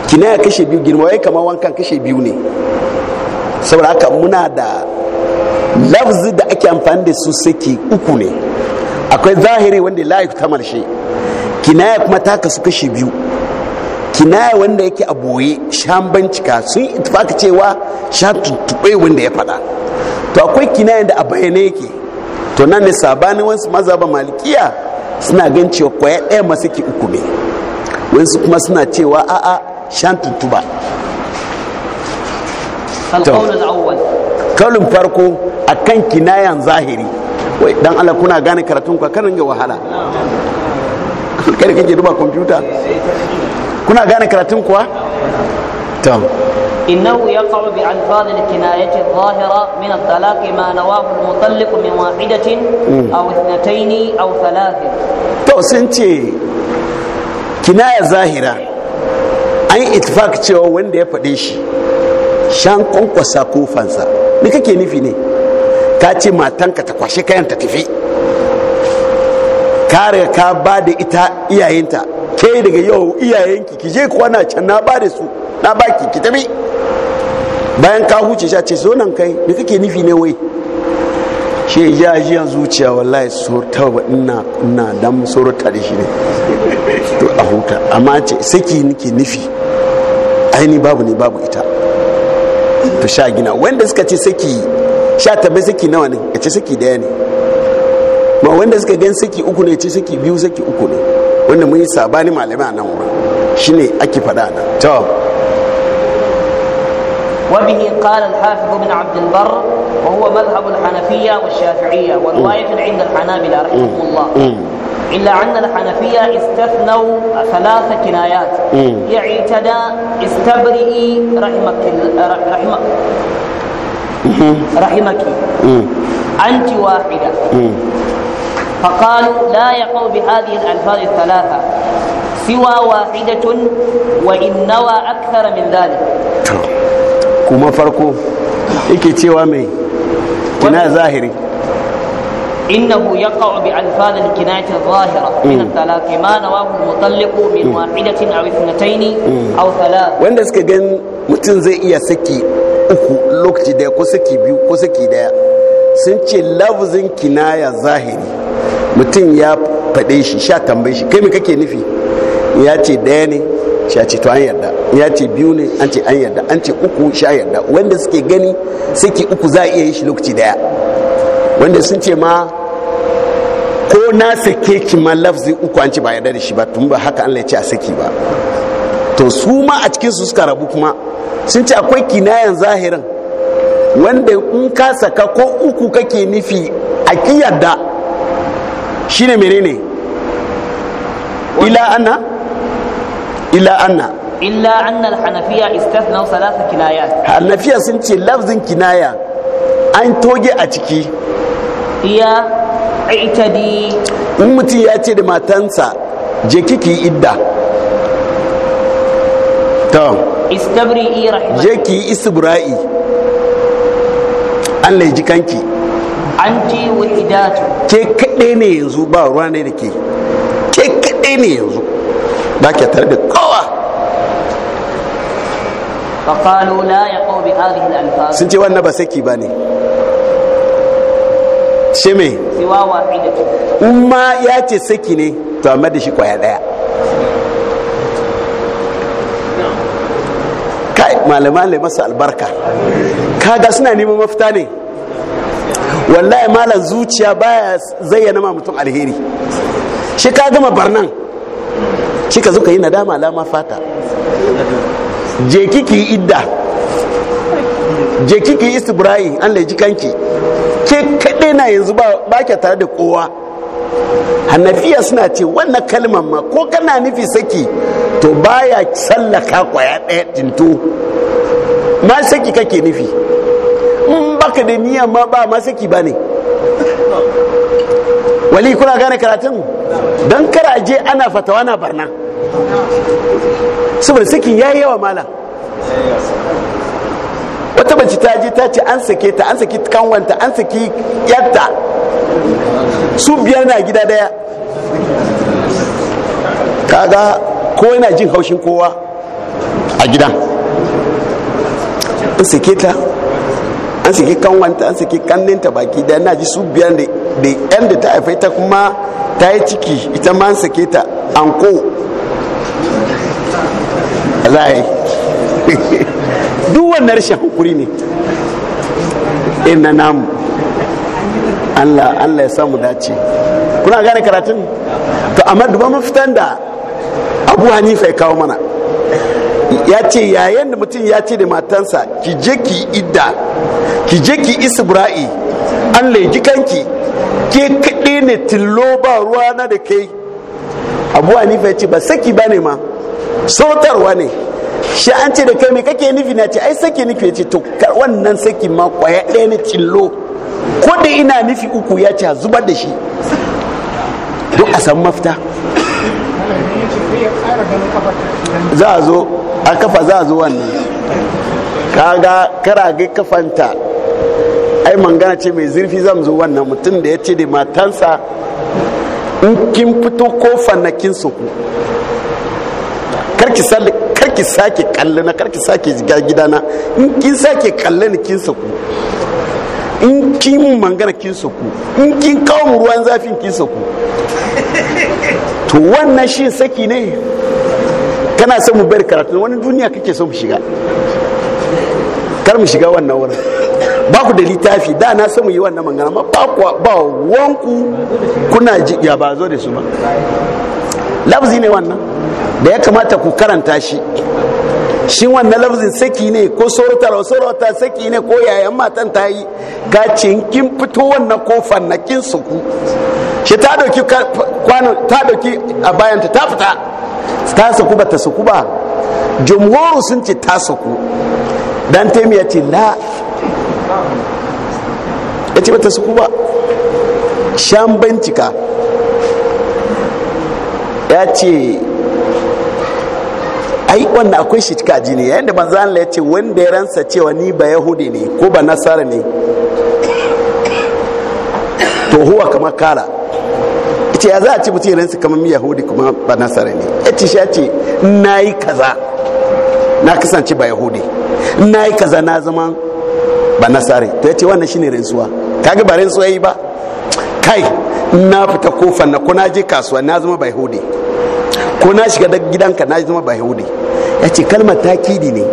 kina ya kashe biyu girma wai kamar wankan kashe biyu ne saboda haka muna da lafzi da ake amfani da su saki uku ne akwai zahiri wanda ta marshe kina kinaya kuma taka su kashe biyu kinaya wanda yake a boye shan bancika sun itfaka cewa shan tuntube wanda ya faɗa to akwai kinaya da a bayyana yake to nan ne sabanin wasu mazaba malikiya suna gan cewa kwaya ɗaya masu ki uku ne wasu kuma suna cewa a'a shan tuntuɓa. kalun farko akan kinayan zahiri wai dan ala kuna gane karatun ka karin ga wahala kada kake duba kwamfuta kuna gane karatun kuwa inau innahu yaqa'u bi alfadhil kinayati adh-dhahira min at ma nawahu al-mutalliq min wahidatin a ithnatayn aw to sun ce kinaya zahira an ittifaq cewa wanda ya faɗe shi shan kwankwasa kofansa me kake nufi ne Ta ce matanka ta kwashe kayan ta tafi Kare ka ba da ita iyayenta ke daga yau iyayenki ki je kuwa na can na ba da su na baki ki tabi bayan ka huce shi a ce so nan kai me kake nufi ne wai shi ya ji zuciya wallahi sorta wa ina ina dan sorta da shi ne to a huta amma ce saki nake nufi aini babu ne babu ita to sha gina wanda suka ce saki sha tabe saki nawa ne ya ce saki daya ne ma wanda suka gan saki uku ne ya ce saki biyu saki uku ne wanda mun yi sabani malamai a nan wurin shine ake faɗa nan to وبه قال الحافظ بن عبد البر وهو مذهب الحنفية والشافعية ورواية عند الحنابلة رحمه الله إلا أن الحنفية استثنوا ثلاث كنايات يعتدى استبرئي رحمك رحمك رحمك أنت واحدة فقالوا لا يقع بهذه الألفاظ الثلاثة سوى واحدة وإن نوى أكثر من ذلك كما فرقوا إكي مي كنا ظاهري إنه يقع بألفاظ الكناية الظاهرة من الثلاث ما نواه المطلق من واحدة أو اثنتين أو ثلاث وين دسك جن متن زي إيا سكي uku lokaci daya ko saki biyu ko saki daya sun ce lafazin kinaya zahiri mutum ya faɗe shi sha tambaye shi kai me kake nufi ya ce ɗaya ne sha ce to an yarda ya ce biyu ne an ce an yarda an ce uku sha yarda wanda suke gani saki uku za a iya yi shi lokaci daya wanda sun ce ma ko na sake ki ma lafzi uku an ce ba yarda da shi ba tun ba haka an ya ce a saki ba to su ma a cikin su suka rabu kuma sun ce akwai kinayan zahirin wanda in ka saka ko uku kake nufi a ki yarda shine ne? ila anna ila anna illa anna al-hanafiya istathnaw thalatha kinayat hanafiya sun ce lafzin kinaya an toge a ciki iya itadi in mutum ya ce da matansa je kiki idda to iya rahimah je ki istibra'i Allah ya ji kanki An anti wahidatu ke kaɗe ne yanzu ba ruwa ne da ke ke kaɗe ne yanzu ba ke tare da kowa sun ce wannan ba saki ba ne shi me umma ya ce saki ne to amma da shi kwaya ɗaya kai malamai masu albarka kaga suna neman mafita ne wallahi malam zuciya baya zayyana ma mutum alheri shi ka gama barnan shi ka zuka yi nadama lama fata je kiki idda je kiki istibrahi an laiji kanki ke kaɗai na yanzu ba ke tare da kowa hannafiya suna ce wannan kalmar ma ko kana nufi saki to baya sallaka kwaya ɗaya tinto ma saki kake nufi in baka da niyan ma ba ma saki ba ne wali kuna gane karatun don kara je ana fatawa na barna saboda sakin ya yi yawa mala wata mace ta je ta ce an sake ta an saki kanwanta an saki yadda su biyar na gida daya kaga ko yana jin haushin kowa a gidan in sake ta an saki kanwanta an saki ta baki da na ji su biyan da yan da ta haifai ta kuma ta yi ciki ita ma an sake ta an ko zai duk wannan rashin hukuri ne ina namu allah allah ya samu dace kuna gane karatun to amma duba mafitan da abu hanifa ya kawo mana ya ce yayin da mutum ya ce da matansa ki je ki idda ki je ki isbra'i an laiji kanki ke kaɗe ne tillo ba ruwa na da kai abu hanifa ya ce ba saki ba ne ma sautarwa ne shi an ce da kai me kake nufi na ce ai saki nufi ya ce to wannan saki ma kwaya ɗaya ne tillo ko da ina nufi uku ya ce zubar da shi duk a san mafita za a zo a kafa za a zo wannan kaga karage kafanta ai mangana ce mai zurfi zan zo wannan mutum da ya ce da matansa in kin fito ko fannakin su ku karki sale karki sake kalle na karki sake ga gidana in kin sake kalle ni kin saku in kin mangana kin saku in kin kawo ruwan zafin kin saku [LAUGHS] to wannan shi saki ne kana son mu bari karatu wani duniya kake son mu shiga kar mu shiga wannan wurin ba ku da littafi da na son mu yi wannan magana ma ba ku ba wanku kuna ji ya ba zo da su ba lafzi ne wannan da ya kamata ku karanta shi shi wannan lafzin saki ne ko sorotar sorota saki ne ko yayan matan ta yi gacin kin fito wannan kofar na kin suku shi ta doki kwano ta doki a bayanta ta fita ta saku ba ta saku ba jumhur sun ce ta saku dan ya ce la ya ce ba ta saku ba shan bincika ya ce ai wannan akwai shi cika jini yayin da banza Allah ya ce wanda ya ransa cewa ni ba yahudi ne ko ba nasara ne to huwa kama kara. ce ya za a ci mutum ransu kamar yahudi kuma ba nasara ne ya ce sha ce na yi kaza na kasance ba yahudi na yi kaza na zama ba nasare to ya ce wannan ne rinsuwa kaga ba rinsuwa yi ba kai na fita kofar na ko na je kasuwa na zama ba yahudi ko na shiga da gidanka na zama ba yahudi ya ce kalmar takidi ne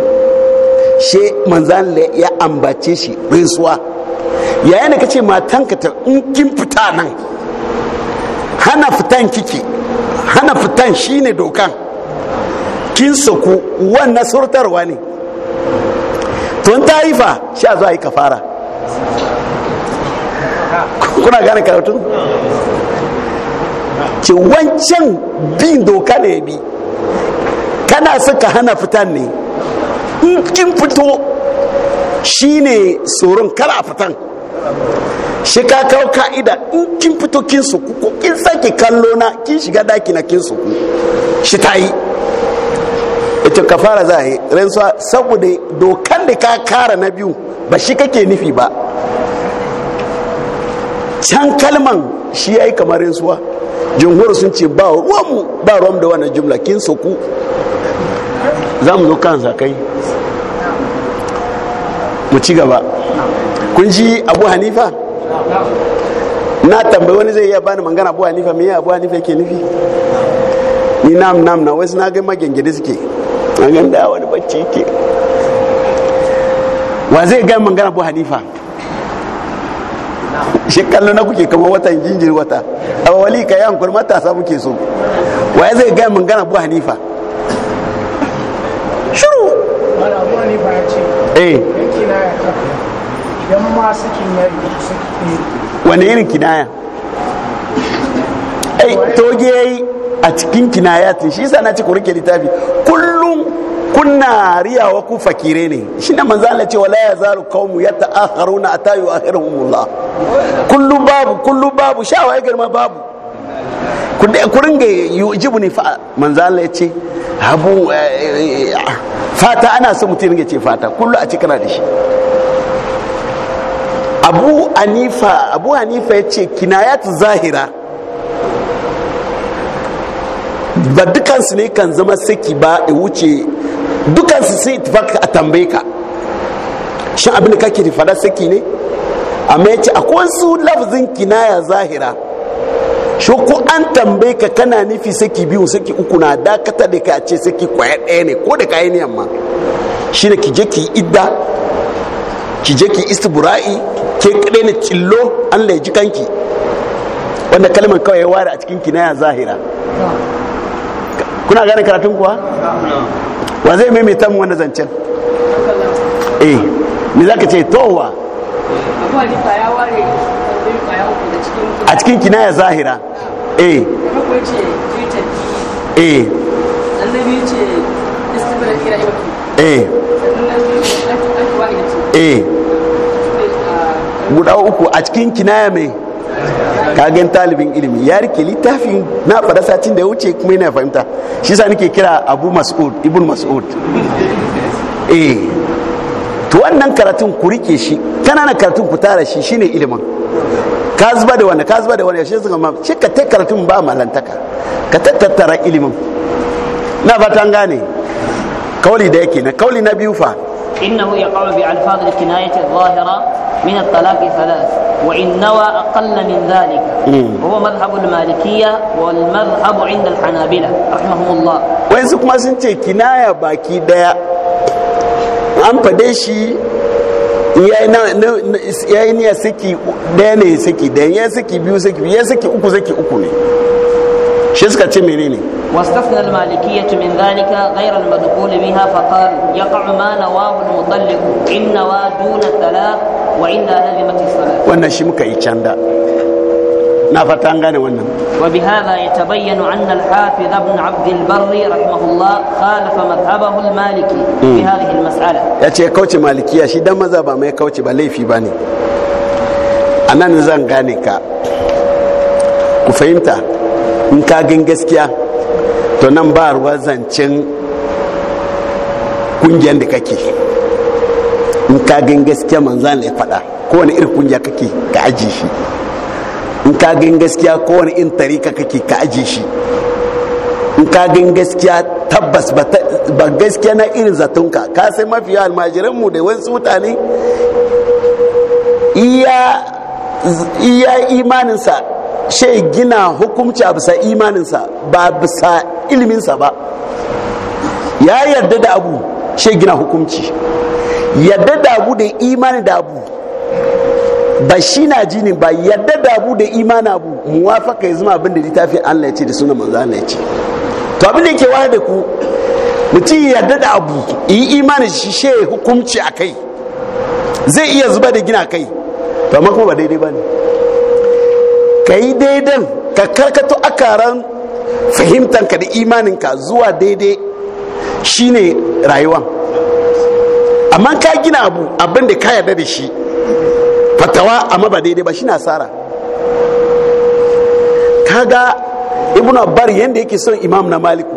she manzan ya ambace shi rinsuwa yayin da kace matanka ta in kin fita nan hana fitan kike hana fitan shine dokan kin saku wannan surtarwa ne tun ta sha zuwa yi kafara kuna gane karatu ce wancan bin doka ne bi kana suka hana fitan ne in kin fito shine tsoron kara fitan shi ka kawo ka'ida in kin fito kin suku ko kin sake kallo na kin shiga daki na kin suku shi ta yi ita ka fara za a yi saboda dokan da ka kara na biyu ba shi kake nufi ba can kalman shi ya yi kamar rantsuwa jumhur sun ce ba ruwanmu ba ruwan da wannan jumla kin suku za mu zo kansa kai mu ci gaba kun ji abu hanifa na tambayi wani zai iya bani mangana abu hanifa me abuwa nifa yake nufi ni nam nam na wasu na ga magengede suke an ganda da wani bacci yake wa zai ga mangana abuwa nifa shi kallo na kuke kama watan jinjiri wata a wali ka yan kur samu muke so wa zai ga mangana abuwa nifa shuru eh idan ma sakin ya yi saki wani irin kinaya ai toge a cikin kinaya tun shi sa na ci ku rike littafi kullum kunna wa ku fakire ne shi na manzala ce wala ya zaru qaumu yata'akharuna ata yu'akhiruhumullah kullum babu kullum babu shawa ya girma babu ku ringa yujibu ne manzala ya ce abu eh, eh, eh, fata ana so mutum ya ce fata kullu a cikin da shi abu hanifa abu hanifa ya ce kinayat zahira ba dukansu ne kan zama saki ba ya wuce dukansu sai itifaka a tambaye ka shin abin da kake fada saki ne amma ya ce akwai wasu lafzin kinaya zahira shi ko an tambaye ka kana nufi saki biyu saki uku na dakata da ka ce saki kwaya ɗaya ne ko da kayan yamma shi ne ki je ki idda ki je ki istibra'i ke kaɗai ne cillo Allah ya ji kanki wanda kalmar kawai ya ware a cikin kinaya zahira kuna gane karatun kuwa wa zai maimaita mu wanda zancen eh me zaka ce towa a cikin kinaya zahira eh eh annabi ce istibra'i eh eh guda uku a cikin kinaya mai kagen talibin ilimi ya rike littafin na fada satin da ya wuce kuma yana fahimta shi sa nake kira abu mas'ud ibn mas'ud eh to wannan karatun ku rike shi kananan karatun ku tara shi shine ilimin ka zuba da wani ka zuba da wani shi suka ma shi ka ta karatun ba malantaka ka tattara ilimin na fatan gane kauli da yake na kauli na biyu fa إنه يقع بألفاظ الكناية الظاهرة من الطلاق ثلاث وإن نوى أقل من ذلك هو مذهب المالكية والمذهب عند الحنابلة رحمهم الله وين ما سنتي كناية باكي ديا an fade shi ya yi niya saki daya ne saki daya ya saki biyu saki biyu ya saki uku saki uku ne shi suka ce menene ne واستثنى المالكية من ذلك غير المدخول بها فقالوا يقع ما نواه المطلق إن نوى دون الثلاث وإلا لزمت الصلاة وأن شمك يتشاندا نفتان غاني وانا وبهذا يتبين أن الحافظ ابن عبد البر رحمه الله خالف مذهبه المالكي في هذه المسألة يأتي كوتش مالكية شيدا مذهبا ما يكوتش بلي في باني أنا نزان غاني كا ku fahimta in kagin gaskiya to nan ba ruwa zancen kungiyar da kake in ka gan gaskiya manzan ya faɗa kowane irin kungiya kake ka aji shi in ka gan gaskiya kowane in tarika kake ka aji shi in ka gan gaskiya tabbas ba gaskiya na irin zatonka ka sai mafi yawa majirinmu da wasu mutane iya iya imaninsa shai gina hukumci a bisa imaninsa ba bisa iliminsa ba ya yarda da abu shi gina hukunci yarda da abu da imani da abu ba shi na ji ne ba yarda da abu da imani abu muwafaka ya zama abin da littafin Allah ya ce da suna manzo Allah ya ce to abin da yake wayar da ku mutum yarda da abu yi imani shi she hukunci a kai zai iya zuba da gina kai to amma kuma ba daidai ba ne ka yi daidan ka karkato akaran fahimtanka da imaninka zuwa daidai shine rayuwa amma ka gina abu abin da ka yarda da shi fatawa amma ba daidai ba shine asara kaga ibn abbar yanda yake son imam na maliku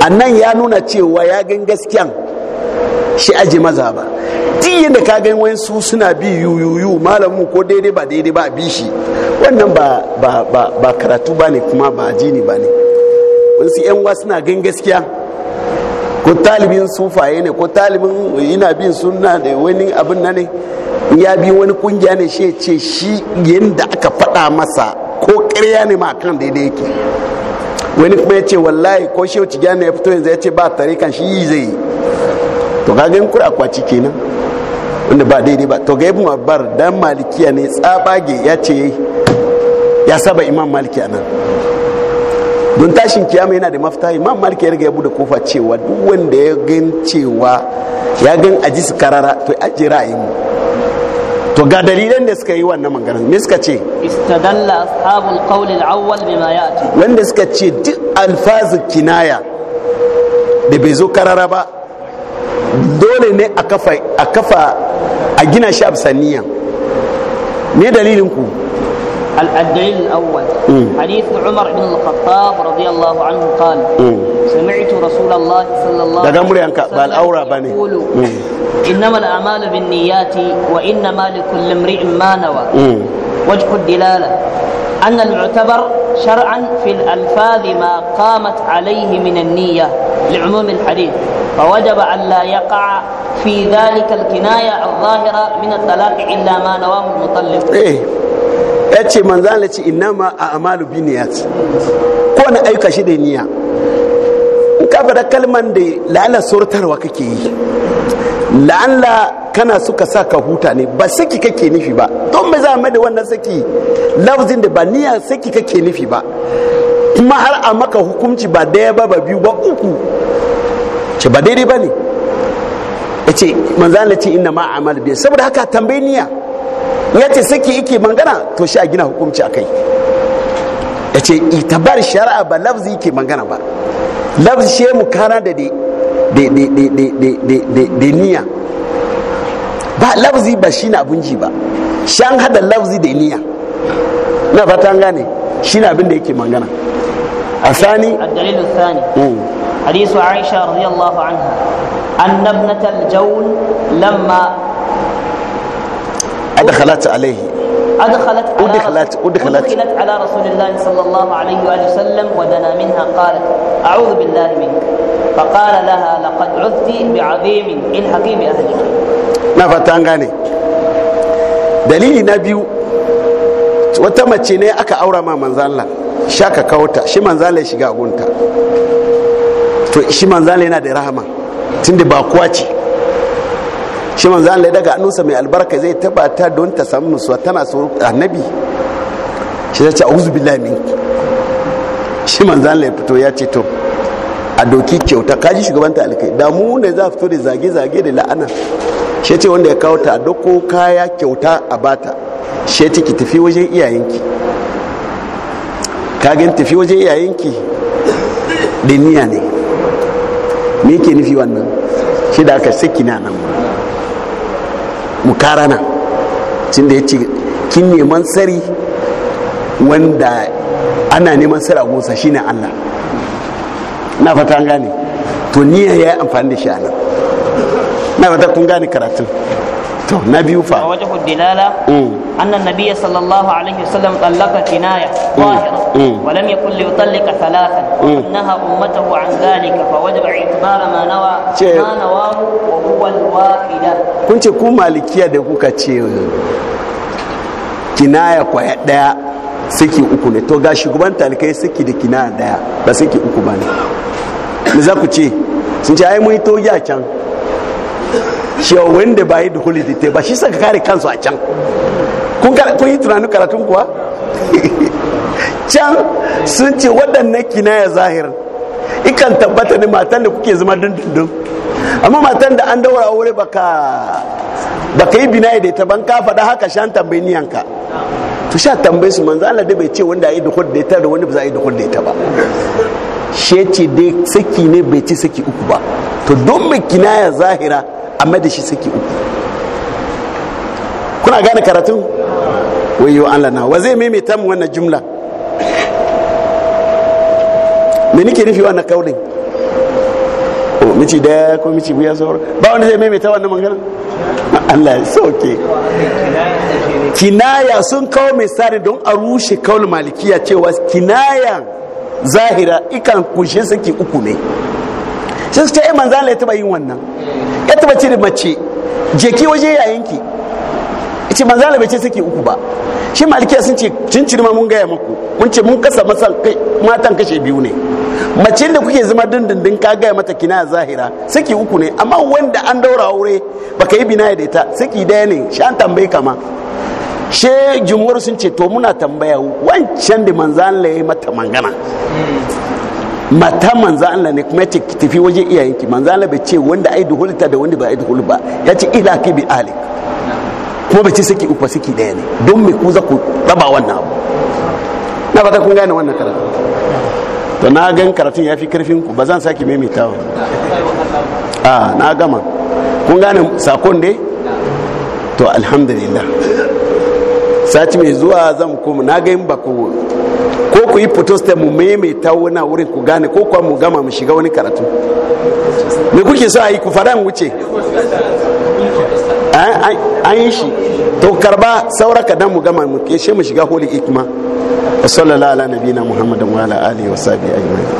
annan ya nuna cewa ya gan gaskiyan shi aje maza ba duk yadda ka gani wani su suna bi yuyuyu malamu ko daidai ba daidai ba bi shi wannan ba karatu ba ne kuma ba ajini ba ne wasu yan wa suna gan gaskiya ko talibin sufaye ne ko talibin yana bin sunna da wani abin na ne ya bi wani kungiya ne shi ce shi yadda aka faɗa masa ko ƙarya ne ma kan daidai yake wani kuma ya ce wallahi ko shi shehu tijjani ya fito yanzu ya ce ba tarikan shi yi zai yi to kaga in kura kwaci kenan wanda ba daidai ba to ga ibn abbar dan malikiya ne tsabage ya ce ya saba imam maliki anan don tashin kiyama yana da mafita imam maliki ya riga ya bude kofa cewa duk wanda ya gan cewa ya gan aji su karara to aji ra'ayin mu to ga dalilan da suka yi wannan maganar me suka ce istadalla ashabul qawl al-awwal bima ya'ti wanda suka ce duk alfazu kinaya da bai zo karara ba dole ne a kafa a kafa a gina shi a bisaniya me dalilin ku الدليل الأول حديث عمر بن الخطاب رضي الله عنه قال سمعت رسول الله صلى الله عليه وسلم يقول إنما الأعمال بالنيات وإنما لكل امرئ ما نوى وجه الدلالة أن المعتبر شرعا في الألفاظ ما قامت عليه من النية لعموم الحديث فوجب أن لا يقع في ذلك الكناية الظاهرة من الطلاق إلا ما نواه المطلق إيه yace manzala ce innama a amalu biniyat ko na aika shi da niyya in ka faɗa kalman da lalasortarwa kake yi la'alla kana suka sa ka huta ne ba saki kake nufi ba don ba za a da wannan saki lafzin da ba niya saki kake nufi ba kuma har a maka hukunci ba daya ba ba biyu ba uku ce ba daidai ba ne ya ce manzana ce ina ma amal biyar saboda haka tambayi niyya ya ce saki ike mangana to shi a gina hukunci a kai ya ce itabar shari'a ba lafzi yake mangana ba lafzi shi mu kara da dai de de de de de de de de niya ba lafzi ba shine abun ji ba hada lafzi da niya na fata an gane shine abin da yake magana a sani addalilu sani mm. hadisu aisha radiyallahu anha anna ibnatal jawl lamma adkhalat alayhi أدخلت على, أدخلت, أدخلت, أدخلت على رسول الله صلى الله عليه وآله وسلم ودنا منها قالت أعوذ بالله فقال لها لقد عذت بعظيم من حكيم أهلك fatan gane dalili na biyu wata mace ne aka aura ma manzala shaka kawuta shi manzala ya shiga gunta to shi manzala yana da rahama tunda ba kuwa ce shi manzala ya daga annunsa mai albarka zai taba ta don ta samu nutsuwa tana so annabi shi zai ce auzu billahi minki shi manzala ya fito ya ce to a doki kyauta kaji shugaban talikai da mu ne za a fito da zage-zage da la'ana shi ce wanda ya kawo ta a doko kaya kyauta a bata shi ki tafi wajen iyayenki kagin tafi wajen iyayenki da niya ne me ke nufi wannan shi da aka saki na nan mukarana na. da ya ce kin neman sari wanda ana neman sara gosa shine allah na fata an gane to ni ya yi amfani da shi a nan na fata kun gane karatun to na biyu fa a wajen hudilala mm. annan nabiya sallallahu alaihi wasallam tsallaka kinaya zahira ولم يكن ليطلق ثلاثا نهى امته عن ذلك فوجب اعتبار ما نوى ما نواه وهو الواحده كنت كو مالكيه da kuka ce um, kinaya kwaya daya saki uku ne to ga shugaban talikai saki da kinaya daya ba saki uku ba ne da za ku ce sun ce ai mun yi a can cewa wanda ba yi dukuli da ba shi saka kare kansu a can kun yi tunanin karatun kuwa [LAUGHS] can sun ce waɗannan kinaya zahir ikan tabbata ne matan da kuke zama dundundun amma matan da an daura wuri baka baka yi binaye da ita ban ka faɗa haka shan tambayi niyanka to sha tambayi su manzo Allah da bai ce wanda yi dukul da ita da wani ba za a yi dukul da ita ba shi ce dai saki ne bai ci saki uku ba to don mai kinaya zahira amma da shi saki uku kuna gane karatun wayo Allah na wa zai maimaita mu wannan jumla me nake nufi wannan kaulin o oh, miji da ko miji buya sauran ba wanda zai maimaita wannan magana Allah ya sauke kinaya sun kawo misali don a rushe kaulin malikiya cewa kinaya zahira ikan kunshe saki uku ne sai su ce ai manzo Allah ya taba yin wannan ya taba da mace je ki waje ki ce manzo Allah bai ce saki uku ba shi malikiya sun ce cin ma mun gaya muku mun ce mun kasa masa matan kashe biyu ne mace da kuke zama dindindin ka gaya mata kina zahira saki uku ne amma wanda an daura aure baka yi binaya da ita saki daya ne shi an tambayi kama she jumuwar sun ce to muna tambaya wancan da manzo Allah ya yi mata mangana mata manzo Allah ne kuma yace tafi waje iyayenki manzo Allah bai ce wanda ai duhulta da wanda ba ai duhul ba yace ila ki bi alik kuma bai ce saki uku saki daya ne don me ku za ku raba wannan abu na fata kun gane wannan karatu to na gan karatun ya fi karfin ku ba zan saki maimaitawa a ah, na gama kun gane sakon dai to alhamdulillah sati mai zuwa zan koma na ga yin bako ko ku yi sai mu maimaita wani wurin ku gane ko kuwa mu gama mu shiga wani karatu me kuke so a yi ku fara mu wuce an yi shi to karba saura kadan mu gama mu keshe mu shiga holy ikma wa sallallahu ala nabiyina muhammadin wa ala alihi wa sahbihi ajma'in